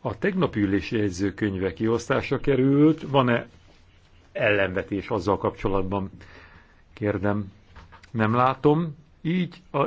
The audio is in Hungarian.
A tegnap ülési jegyzőkönyve kiosztása került. Van-e ellenvetés azzal kapcsolatban? Kérdem. Nem látom. Így a